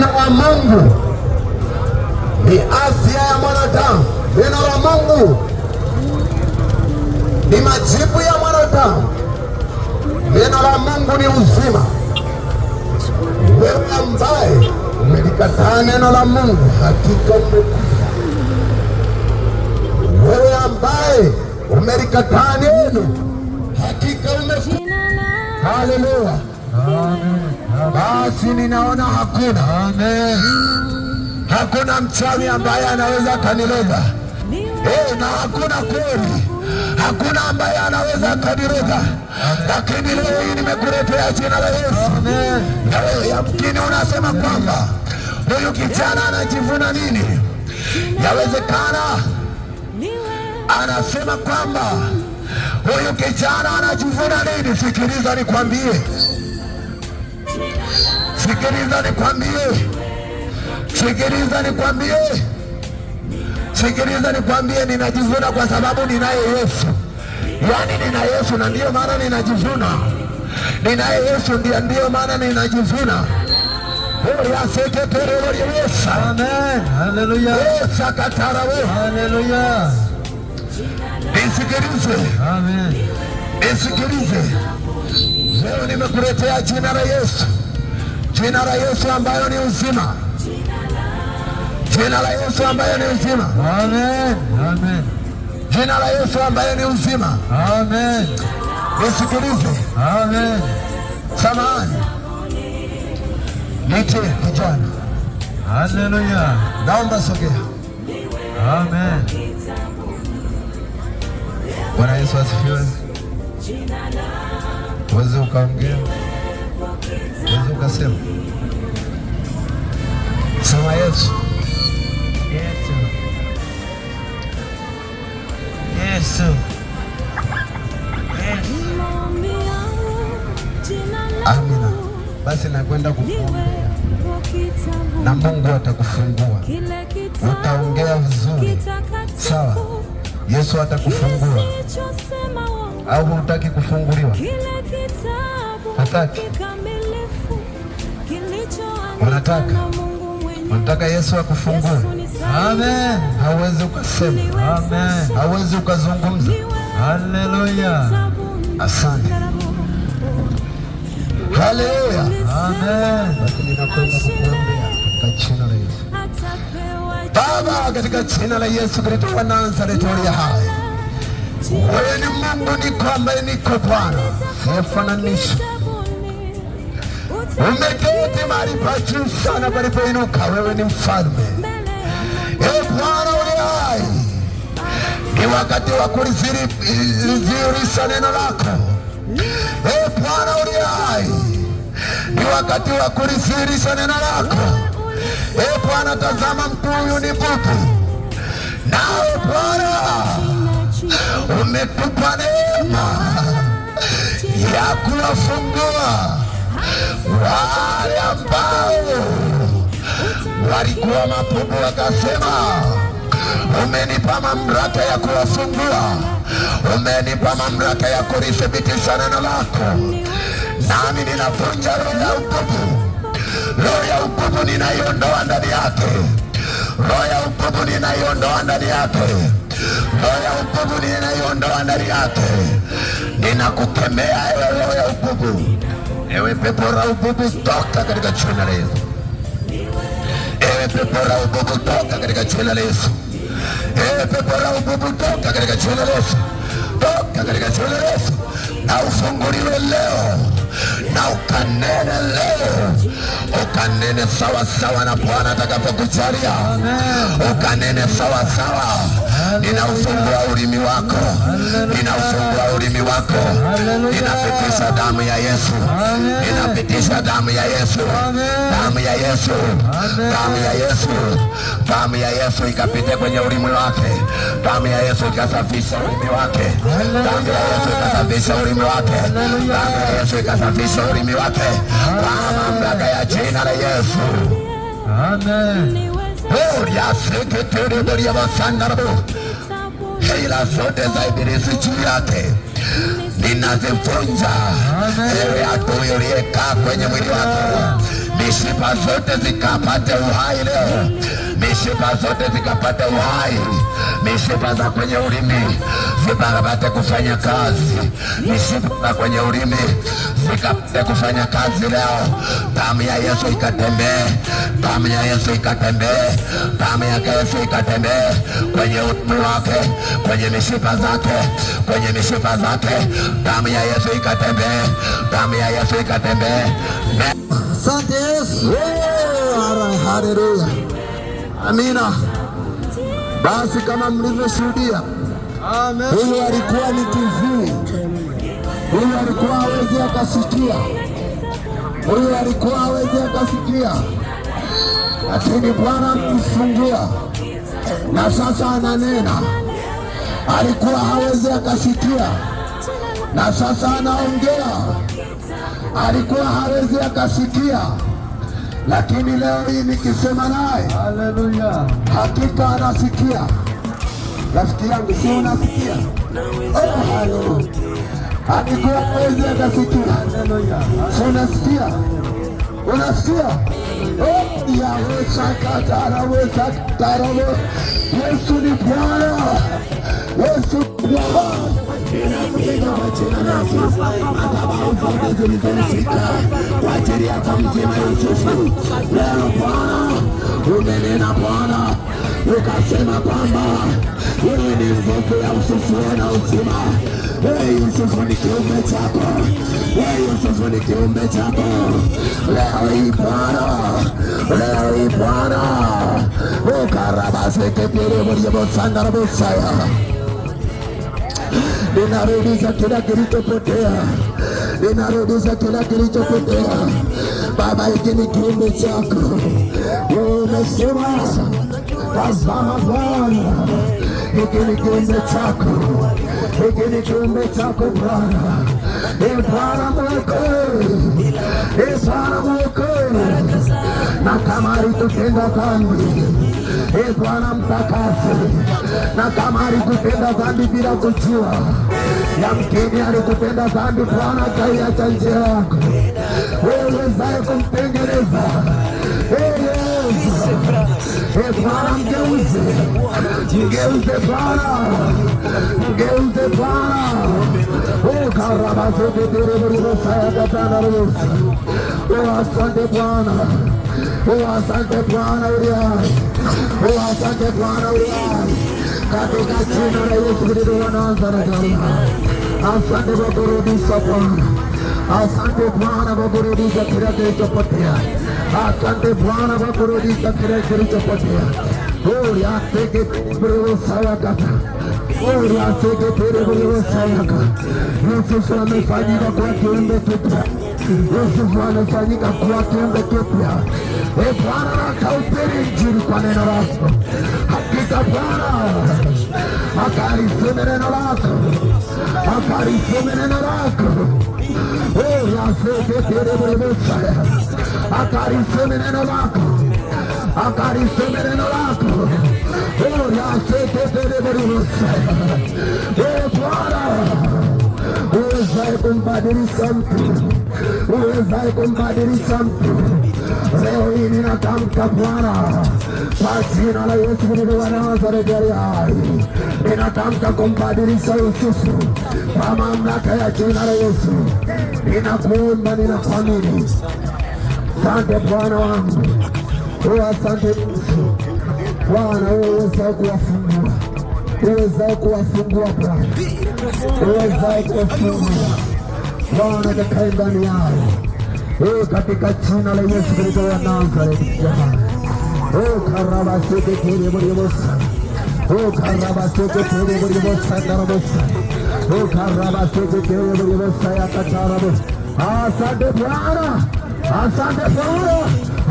wa Mungu ni afya ya mwanadamu. Neno la Mungu ni majibu ya mwanadamu. Neno la Mungu ni uzima. Wewe ambaye umelikataa neno la Mungu, hakika umekufa. Wewe ambaye umelikataa neno, hakika umekufa. Haleluya, amen. Basi ninaona hakuna Hakuna mchawi ambaye anaweza akanileba e, eh, na hakuna kweli, hakuna ambaye anaweza akanireba, lakini leo hii nimekuletea jina la Yesu. Yamkini unasema kwamba huyu kijana anajivuna nini? Yawezekana anasema kwamba huyu kijana anajivuna nini? Sikiliza nikwambie Sikiliza nikwambie, sikiliza nikwambie, sikiliza nikwambie, ninajivuna kwa sababu ninaye Yesu. Yaani nina Yesu na ndiyo maana ninajivuna, ninaye Yesu ndiyo, ndiyo maana ninajivuna. Oyaseketerololiwesa oh, esakatarawe, oh, Amen. nisikilize Leo nimekuletea jina la Yesu, jina la Yesu ambayo ni uzima, jina la Yesu ambayo ni uzima. Amen. Amen. Jina la Yesu ambayo ni uzima. Amen. Nisikilize. Amen. Samahani. Nite kijana. Haleluya. Naomba sogea. Amen. Bwana Yesu asifiwe. Jina la uweze ukaongea, uweze ukasema, sema Yesu, Yesu, Yesu, amina. Basi nakwenda kukuombea na Mungu atakufungua, utaongea vizuri, sawa? Yesu atakufungua au hutaki kufunguliwa? Hataki. Wanataka. Wanataka Yesu akufungue. Amen. Hawezi ukasema. Amen. Hawezi ukazungumza. Haleluya. Asante. Haleluya. Amen. Lakini nakwenda kukuombea katika jina la Yesu. Baba, katika jina la Yesu Kristo wa Nazareti, hai wewe ni Mungu, niko ambaye niko Bwana, efananisha umeketi mahali pa juu sana palipoinuka. Wewe ni mfalme, e Bwana ule hai. Ni wakati wa kulidhihirisha neno lako, e Bwana ule hai. Ni wakati wa kulidhihirisha neno lako, e Bwana. Tazama mtu huyu ni bubu, nawe Bwana umetupa neema ya kuwafungua wale ambao walikuwa mabubu, wakasema umenipa mamlaka ya kuwafungua, umenipa mamlaka ya kulithibitisha neno lako, nami ninavunja roho ya ububu. Roho ya ububu ninaiondoa ndani yake roho ya upupu ninaiondoa ndani yake, roho ya upupu ninaiondoa ndani yake. Ninakukemea ewe roho ya upupu, ewe pepo la upupu, toka katika jina la Yesu. Ewe pepo la upupu, toka katika jina la Yesu. Ewe pepo la upupu, toka katika jina la Yesu, toka katika jina la Yesu, na ufunguliwe leo na ukanene leo, ukanene sawasawa na Bwana atakapokujalia, ukanene sawasawa ninaufungua ulimi wako, ninaufungua ulimi wako, ninapitisha damu ya Yesu, ninapitisha damu ya Yesu, damu ya Yesu, damu ya Yesu, damu ya Yesu ikapite kwenye ulimi wake, damu ya Yesu ikasafisha ulimi wake, damu ya Yesu ikasafisha ulimi wake, damu ya Yesu ikasafisha ulimi wake, kwa mamlaka ya jina la Yesu, amen. Oh, ya sekete ndio ya basanga छोटे साहिब से चिड़िया थे ninazivunja ewe adui uliyekaa kwenye mwili wako. Mishipa zote zikapate uhai leo, mishipa zote zikapate uhai, mishipa za kwenye ulimi zibarabate kufanya kazi, mishipa za kwenye ulimi zikapate kufanya kazi leo. Damu ya Yesu ikatembee, damu ya Yesu ikatembee, damu ya Yesu ikatembee kwenye ulimi wake, kwenye mishipa zake, kwenye mishipa zake zake. Damu ya Yesu ikatembee, damu ya Yesu ikatembee. Asante Yesu, haleluya, amina. Basi kama mlivyoshuhudia, huyu alikuwa ni kiziwi, huyu alikuwa hawezi akasikia, huyu alikuwa hawezi akasikia, lakini Bwana mlifungia na sasa ananena. Alikuwa hawezi akasikia na sasa anaongea. Alikuwa hawezi akasikia, lakini leo hii nikisema naye, haleluya, hakika anasikia. Rafiki yangu, si unasikia? alikuwa hawezi akasikia, si unasikia? Unasikia? Oh, Yawezakatarao Yesu ni Bwana, Yesu inapiga majina kwa ajili yako mjina Yusufu. Leo Bwana umenena Bwana, ukasema kwamba wewe ni mvuvi ya ufufuo na uzima. Wewe Yusufu ni kiumbe chako, wewe Yusufu ni kiumbe chako. Leo hii Bwana, leo hii Bwana ukarabaseke pili muliebosandara busaya ninarudisha kila kilichopotea, ninarudisha kila kilichopotea. Baba, hiki ni kiumbe chako, umesema tazama Bwana, hiki ni kiumbe chako, hiki ni kiumbe chako Bwana, ni Bwana Mwokozi, ni Bwana Mwokozi, na kama alitutenda dhambi E Bwana mtakase, na kama alikupenda dhambi bila kujua, yamkini alikupenda dhambi. Bwana kaiacha njia yako, wewezaye kumtengeneza Bwana mgeuze, mgeuze Bwana, mgeuze Bwana. Oh, Karabazeketireverivosayagatanarvosa oh, asante Bwana, oh, asante Bwana uliai Asante Bwana katika jina la Yesu wa Nazareti. Asante kwa kurudisha Bwana, asante Bwana kwa kurudisha kila kilichopotea, asante Bwana kwa kurudisha kila kilichopotea. uliategetereosayakata uliategetereosayaka Yesu amefanyika kwa kiumbe kipya Yesu anafanyika kuwa kiumbe kipya. E Bwana, nakahubiri Injili kwa neno lako. Hakika Bwana akariseme neno lako, akariseme neno lako olaseketereerebosaya e akariseme neno lako, akariseme neno lako olaseketereerebosaya e, e Bwana uwezaye kumbadilisha mtu, uwezaye kumbadilisha mtu. Leo hii ninatamka Bwana, kwa jina la Yesu Kristo wa Nazareti aliye hai, ninatamka kumbadilisha Yusufu kwa mamlaka ya jina la Yesu. Ninakuomba, ninakuamini. Asante Bwana wangu, asante Yesu. Bwana wewe uwezaye kuwafungua, uwezaye kuwafungua Bwana Bwana kakai ndani yao katika jina la Yesu Kristo wa Nazareti. Karabasiketereboriobosa karabasiketereboriobosa ndarabosa karabasiketereboriobosa yakatarabo. Asante Bwana, asante Bwana,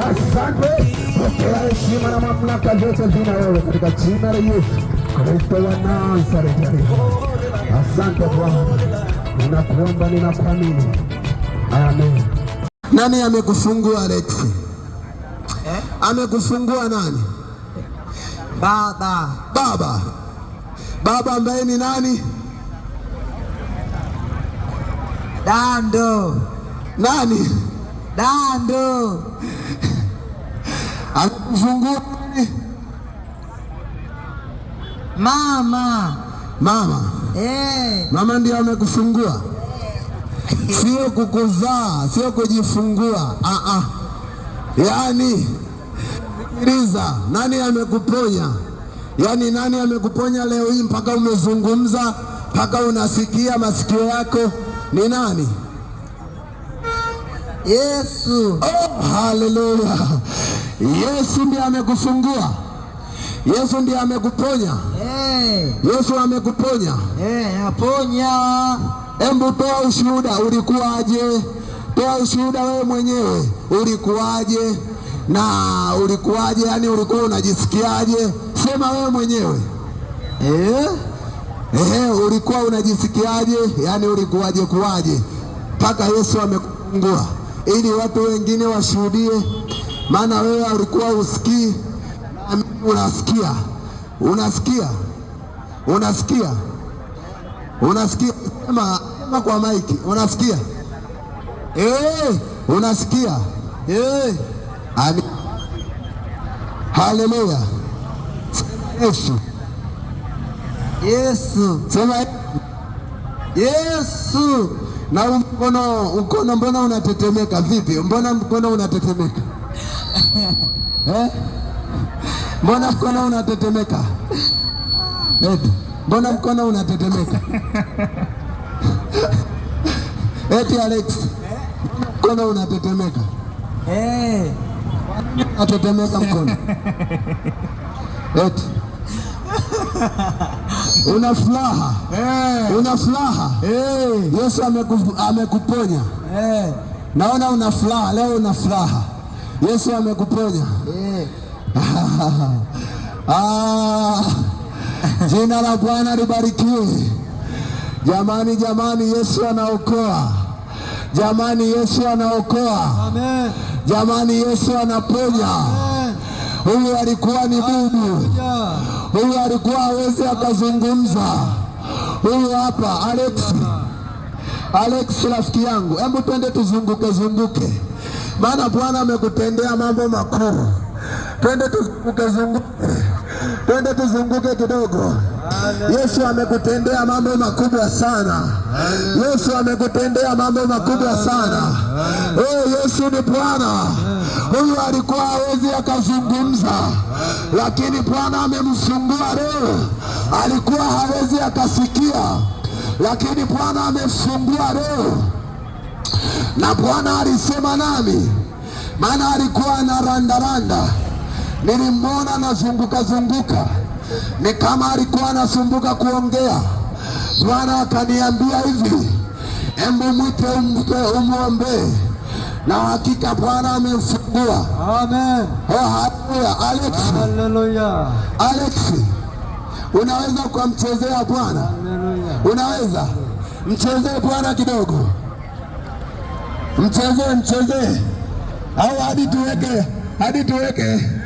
asante. Pokea heshima na mamlaka zote zina wewe katika jina la Yesu Kristo wa Nazareti. Asante Bwana, ninakuomba ninakuamini, amen. Nani amekufungua Alex? Eh? Amekufungua nani? Baba. Baba. Baba ambaye ni nani? Dando. Nani? Dando. Amekufungua nani? Mama. Mama. Eh. Mama ndiye amekufungua eh. Sio kukuzaa, sio kujifungua ah -ah. Yaani sikiliza, nani amekuponya? Yaani nani amekuponya leo hii mpaka umezungumza mpaka unasikia masikio yako ni nani? Yesu. Oh, haleluya! Yesu ndiye amekufungua Yesu ndiye amekuponya. Hey. Eh. Yesu amekuponya. Hey, eh, aponya. Embu toa ushuhuda, ulikuwaje? Toa ushuhuda wewe mwenyewe, ulikuwaje? Na ulikuwaje? Yani ulikuwa unajisikiaje? Sema wewe mwenyewe. Eh? Ehe, ulikuwa unajisikiaje? Yani ulikuwaje kuwaje? Mpaka Yesu amekufungua ili watu wengine washuhudie, maana wewe ulikuwa usikii Unasikia, unasikia, unasikia, unasikia, sema sema kwa maiki, unasikia eh, unasikia eh. amen. Haleluya, Yesu, Yesu, sema Yesu. Na mkono mkono, mbona unatetemeka? Vipi, mbona mkono unatetemeka eh? Mbona mkono unatetemeka? Eti mbona mkono unatetemeka? Eti Alex, mkono unatetemeka. Eh. Unatetemeka mkono. Eti. Una furaha. Una furaha. Yesu amekuponya. Naona una furaha, leo una furaha. Yesu amekuponya. Ah, jina la Bwana libarikiwe. Jamani, jamani, Yesu anaokoa. Jamani, Yesu anaokoa. Amen. Jamani, Yesu anaponya. Huyu alikuwa ni bubu, huyu alikuwa awezi akazungumza. Huyu hapa Alex, Alex rafiki yangu, hebu twende tuzunguke zunguke, maana Bwana amekutendea mambo makuu. Twende tuzunguke, twende tuzunguke kidogo. Yesu amekutendea mambo makubwa sana. Yesu amekutendea mambo makubwa sana. Oh, Yesu ni Bwana. Huyu alikuwa hawezi akazungumza, lakini Bwana amemfungua roho. Alikuwa hawezi akasikia, lakini Bwana amemsungua roho, na Bwana alisema nami, maana alikuwa anarandaranda Nilimwona anazunguka zunguka, ni kama alikuwa anasumbuka kuongea. Bwana akaniambia hivi, embu mwite umwombee, na hakika Bwana amemfungua. Amen. Oh, haleluya. Alex, unaweza ukamchezea Bwana, unaweza mchezee Bwana kidogo, mchezee mchezee, au hadi tuweke hadi tuweke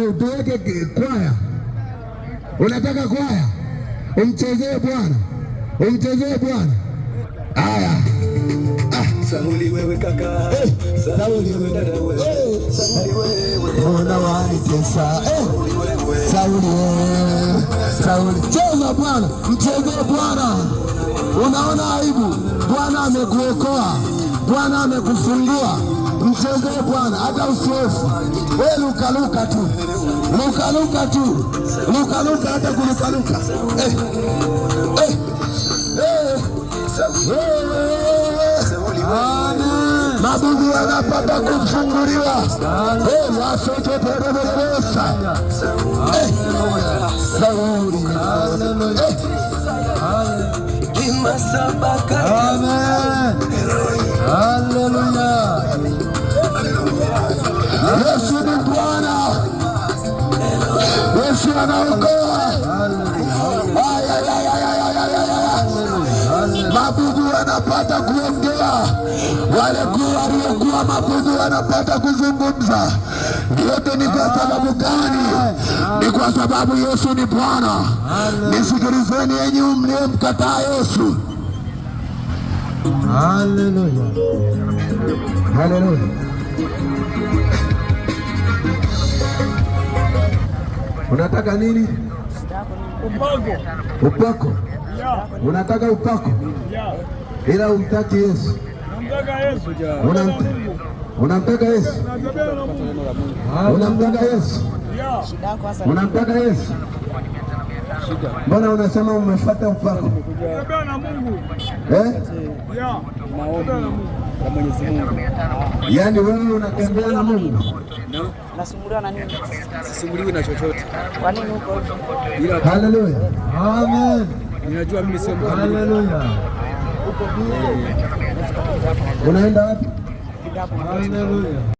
upeleke kwaya. Unataka kwaya, umchezee Bwana, umchezee Bwana. Aya, ah. Sauli wewe kaka, Sauli wewe dada wewe, Sauli wewe unawanitesa, Sauli wewe, Sauli cheza Bwana, mchezee Bwana. Unaona aibu? Bwana amekuokoa, Bwana amekufungua mchezee Bwana hata usihofu wewe, lukaluka tu, lukaluka tu, lukaluka hata kulukaluka eh. Eh. Eh. Mabudu wanapata kufunguliwa eh, wasekeperevereesa eh, eh. Haleluya. Yesu ni Bwana, Yesu anaokoa. Mabudu wanapata kuongea, wale waliokuwa mabubu wanapata kuzungumza. Yote ni kwa sababu gani? Ni kwa sababu Yesu ni Bwana. Nisikilizeni enyi mliyemkataa Yesu. Haleluya, haleluya. Unataka nini? Upako? Unataka upako, ila umtaki Yesu. Unamtaka Yesu? Ah, unamtaka Yesu? Unamtaka Yesu? Mbona unasema umefuata upako eh? Yaani wewe unatembea na Mungu No? Nasumbuliwa na nini? Sisumbuliwi na chochote. Kwa nini huko? Ila Haleluya. Amen. Ninajua mimi sio mkamilifu. Haleluya. Uko Unaenda wapi? Haleluya.